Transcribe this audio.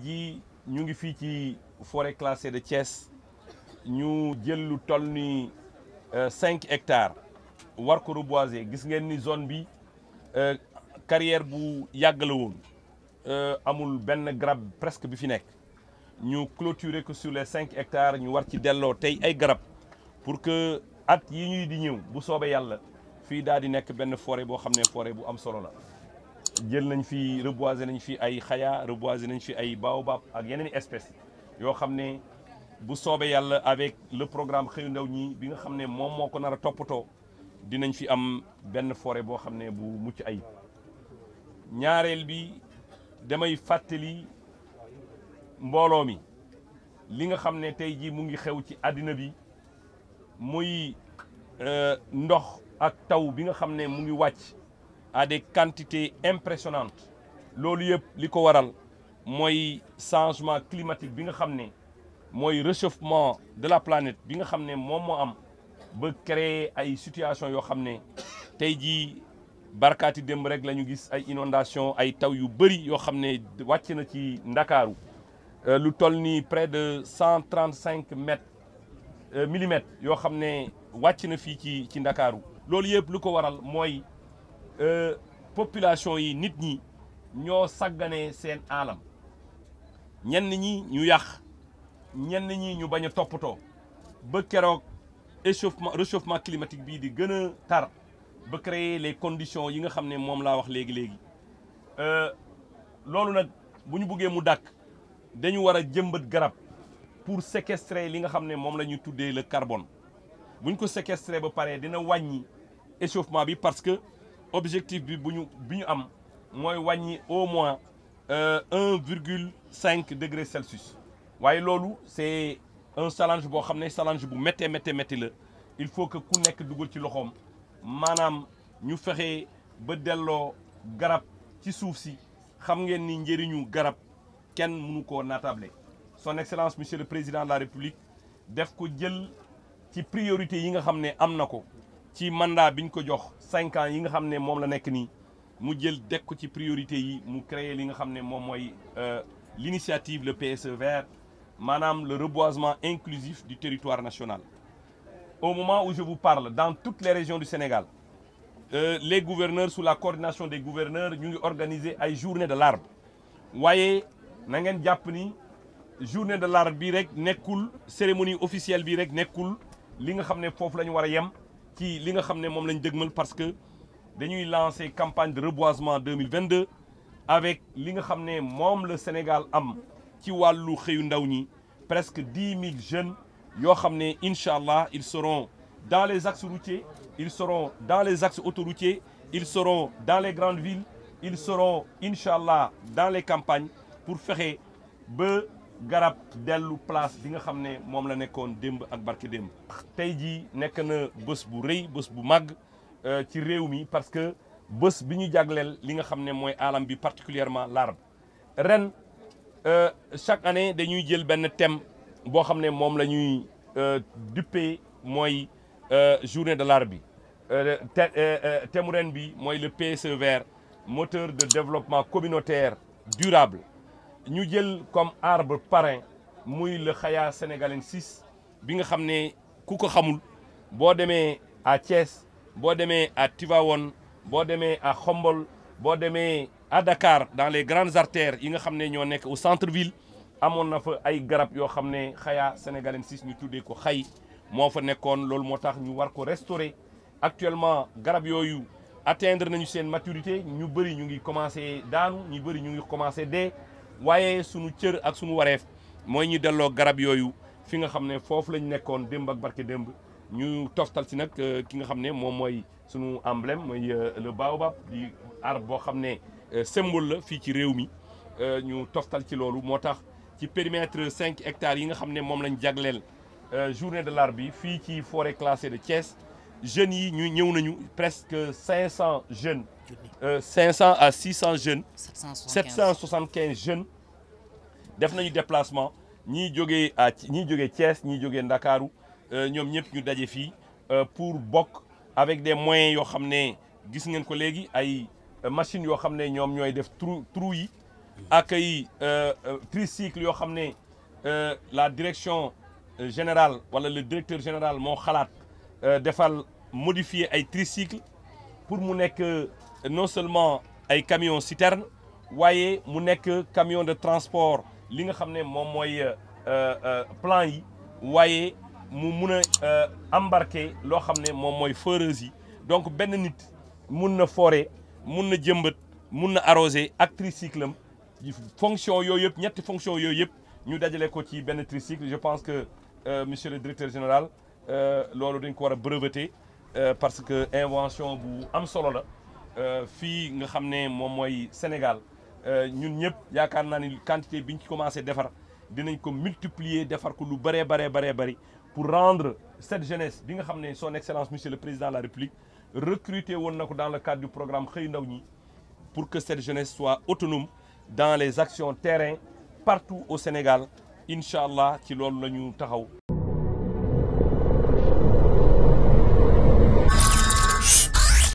tey ñu ngi fi ci forêt classée de Thiès ñu jël lu toll ni euh, cinq hectares war ko reboiser gis ngeen ni zone bi euh, carrière bu yàgg la woon euh, amul benn grab presque bi fi nekk ñu clôturer ko sur les cinq hectares ñu war ci delloo tey ay garab pour que at yi ñuy di ñëw bu soobee yàlla fii daal di nekk benn forêt boo xam ne forêt bu am solo la. jël nañ fi reboiser nañ fi ay xaya reboiser nañ fi ay baobab ak yeneen espèces yoo bu soobee yàlla avec le programme xëyu ndaw ñi bi nga xamné mom moko nara topoto dinañ fi am benn forêt bo xamné bu mucc ay ñaarel bi damay fatali mbolo mi li nga xamné tay ji mu ngi xew ci adina bi muy ndox ak taw bi nga xamné mu ngi wàcc à des quantités impressionnantes loolu yëpp li waral mooy changement climatique bi nga xam réchauffement de la planète bi nga xam ne moom am ba créer ay situation yo xam ne tey jii barkaati rek la gis ay inondation ay taw yu bëri yo xamné ne na ci ndakaaru euh, lu toll ni près de 135 trente mètres euh, millimètres yo xamné ne fi na fii ci ci ndakaaru loolu yëpp lu ko waral moy Euh, population yi nit ñi ñoo sàgganee seen aalam ñenn ñi ñu yàq ñenn ñi ñu bañ a toppatoo ba keroog échauffement réchauffement climatique bii di gën a tar ba créer les conditions yi nga xam ne moom laa wax léegi-léegi euh, loolu nag bu ñu buggee mu dàkk dañu war a jëmbat garab pour séquestrer li nga xam ne moom la ñu tuddee la carbone bu ñu ko séquestrer ba pare dina wàññi échauffement bi parce que objectif bi bu am moy wàññi au moins euh, 1,5 degrés degré Celsius Waye lolu c'est un challenge bo xamné challenge bu metté metté métti la il faut que ku nek dugal ci loxom manam ñu fexé ba dello garab ci suuf si xam ngeen ni njëriñu garab kenn mënu ko natablé. son excellence monsieur le président de la république def ko jël ci priorité yi nga xamné amnako. am ci mandat biñ ko jox cinq ans yi nga xamné mom la nek ni mu jël ci priorité yi mu créer li nga xamné mom euh, l'initiative le PSE vert manam le reboisement inclusif du territoire national au moment où je vous parle dans toutes les régions du Sénégal euh, les gouverneurs sous la coordination des gouverneurs ñu ngi organiser ay journée de l'arbre wayé na ngeen japp ni journée de l'arbre bi rek nekul cérémonie officielle bi rek nekul li nga xamné fofu lañu la yem ci li nga xamné mom lañ parce que dañuy lancer campagne de reboisement 2022 avec le Sénégal am ci presque 10 000 jeunes ils seront dans les axes routiers ils seront dans les axes autoroutiers ils seront dans les grandes villes ils seront Inshallah dans les campagnes pour faire garab delu place bi nga xamné mom la nekkoon demb ak barke demb tey jii nekk na bés bu reuy bés bu mag euh, ci réew mi parce que bés bi ñu jagleel li nga xamné moy alam bi particulièrement l'arbre ren euh, chaque année dañuy jël ben thème bo xamné mom moom la ñuy euh, duppee mooy journée de l'arbre bi thème ren bi moy le PSE vert moteur de développement communautaire durable ñu jël comme arbre parrain muy le Khaya sénégalais 6 bi nga xamné ne ku ko xamul bo démé à Thiès bo démé à Tivaouane bo démé à Khombol bo démé à Dakar dans les grandes artères yi nga xamné ño nek au centre ville amoon na fa ay garab yo xamné Khaya sénégalais 6 ñu tuddé ko xay mo fa nekkoon lool motax ñu war ko restaurer actuellement garab yoyu atteindre nañu sen maturité ñu bari ñu ngi commencer daanu ñu bari ñu ngi commencer dee waye sunu cieur ak suñu wareef moy ñu delloo garab yoyu fi nga xamné fofu foofu lañ nekkoon démb ak barké demb ñu toftal ci nak euh, ki nga xamné mom moy suñu sunu emblème moy euh, le baobab di arbre bo xamné euh, symbole la fi ci réew mi ñu toftal ci lolu motax ci périmètre cinq hectares yi nga xamné mom moom lañ journée de l'arbre fi ci forêt classée de Thiès jeunes yi ñu presque 500 jeunes 500 euh, à 600 jeunes 775 jeunes def nañu déplacement ñi joggé à ñi joggé Thiès ñi joggé Dakarou euh, ñom ñëpp ñu dajé fi euh, pour bok avec des moyens yo xamné gis des ko légui ay euh, machines yo xamné ñom ñoy def trou trou ak euh, tricycle yo xamné euh, la direction générale wala le directeur général mo xalat euh, defal modifier ay tricycle pour mu nekk euh, non seulement ay camion citerne waaye mu nekk camion de transport li nga xam ne moom mooy euh, plan yi mu embarquer loo xam ne moom mooy foreuse yi donc ben nit mun na forer mun na jëmbat arroser ak tricycle am fonction yooyu yëpp ñetti fonction yooyu nous ñu dajale ko ci tricycle je pense que monsieur le directeur général c'est euh, une ko euh, parce que l'invention bu am solo la euh, fi nga Sénégal ñun avons yaakaar quantité de ci commencé à multiplier pour rendre cette jeunesse bi nga son excellence monsieur le président de la république recruter dans le cadre du programme xey pour que cette jeunesse soit autonome dans les actions terrain partout au Sénégal Inshallah, ci loolu lañu taxaw